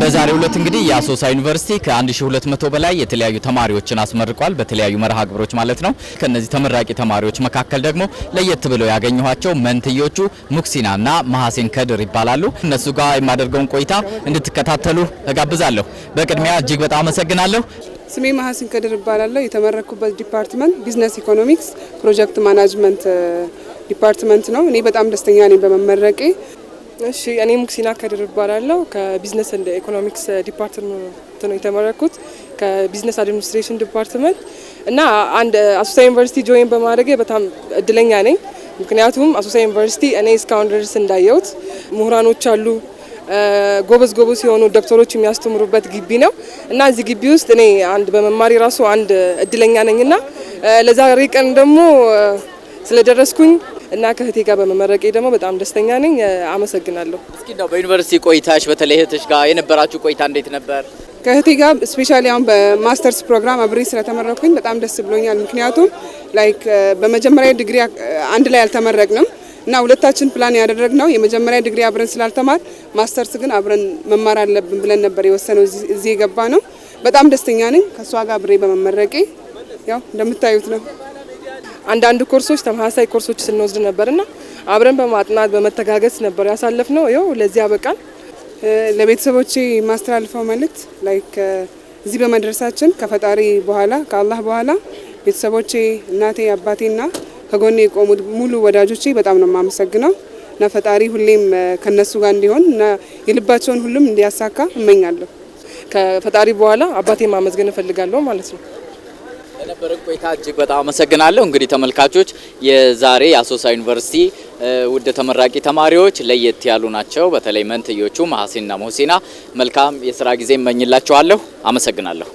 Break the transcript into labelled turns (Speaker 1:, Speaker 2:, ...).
Speaker 1: በዛሬው ዕለት እንግዲህ የአሶሳ ዩኒቨርሲቲ ከ1200 በላይ የተለያዩ ተማሪዎችን አስመርቋል፣ በተለያዩ መርሃ ግብሮች ማለት ነው። ከነዚህ ተመራቂ ተማሪዎች መካከል ደግሞ ለየት ብለው ያገኘኋቸው መንትዮቹ ሙክሲናና መሐሴን ከድር ይባላሉ። እነሱ ጋር የማደርገውን ቆይታ እንድትከታተሉ እጋብዛለሁ። በቅድሚያ እጅግ በጣም አመሰግናለሁ።
Speaker 2: ስሜ መሐሴን ከድር ይባላለሁ። የተመረኩበት ዲፓርትመንት ቢዝነስ ኢኮኖሚክስ ፕሮጀክት ማናጅመንት ዲፓርትመንት ነው። እኔ በጣም ደስተኛ ነኝ በመመረቄ እሺ እኔ ሙክሲና ከድር እባላለሁ። ከቢዝነስ እንደ ኢኮኖሚክስ ዲፓርትመንት ነው የተመረኩት ከቢዝነስ አድሚኒስትሬሽን ዲፓርትመንት እና አንድ አሶሳ ዩኒቨርሲቲ ጆይን በማድረጌ በጣም እድለኛ ነኝ። ምክንያቱም አሶሳ ዩኒቨርሲቲ እኔ እስካሁን ድረስ እንዳየሁት ምሁራኖች አሉ ጎበዝ ጎበዝ የሆኑ ዶክተሮች የሚያስተምሩበት ግቢ ነው እና እዚህ ግቢ ውስጥ እኔ አንድ በመማሪ ራሱ አንድ እድለኛ ነኝና ለዛሬ ቀን ደግሞ ስለደረስኩኝ እና ከእህቴ ጋር በመመረቄ ደግሞ በጣም ደስተኛ ነኝ። አመሰግናለሁ።
Speaker 1: እስኪ እንደው በዩኒቨርሲቲ ቆይታሽ በተለይ እህትሽ ጋር የነበራችሁ ቆይታ እንዴት ነበር?
Speaker 2: ከእህቴ ጋር ስፔሻሊ አሁን በማስተርስ ፕሮግራም አብሬ ስለተመረኩኝ በጣም ደስ ብሎኛል። ምክንያቱም ላይክ በመጀመሪያ ዲግሪ አንድ ላይ አልተመረቅንም እና ሁለታችን ፕላን ያደረግ ነው የመጀመሪያ ዲግሪ አብረን ስላልተማር ማስተርስ ግን አብረን መማር አለብን ብለን ነበር የወሰነው። እዚህ የገባ ነው። በጣም ደስተኛ ነኝ ከእሷ ጋር አብሬ በመመረቄ ያው እንደምታዩት ነው። አንዳንድ ኮርሶች ተመሳሳይ ኮርሶች ስንወስድ ነበርና አብረን በማጥናት በመተጋገዝ ነበር ያሳለፍ ነው። ይኸው ለዚህ አበቃል። ለቤተሰቦቼ ማስተላልፈው መልእክት ላይክ እዚህ በመድረሳችን ከፈጣሪ በኋላ ከአላህ በኋላ ቤተሰቦቼ፣ እናቴ፣ አባቴና ከጎኔ የቆሙት ሙሉ ወዳጆቼ በጣም ነው የማመሰግነው እና ፈጣሪ ሁሌም ከነሱ ጋር እንዲሆን እና የልባቸውን ሁሉም እንዲያሳካ እመኛለሁ። ከፈጣሪ በኋላ አባቴ ማመስገን እፈልጋለሁ ማለት ነው።
Speaker 1: ለነበረን ቆይታ እጅግ በጣም አመሰግናለሁ። እንግዲህ ተመልካቾች የዛሬ የአሶሳ ዩኒቨርሲቲ ውድ ተመራቂ ተማሪዎች ለየት ያሉ ናቸው። በተለይ መንትዮቹ ማህሲንና ሙህሲና መልካም የስራ ጊዜ እመኝላችኋለሁ። አመሰግናለሁ።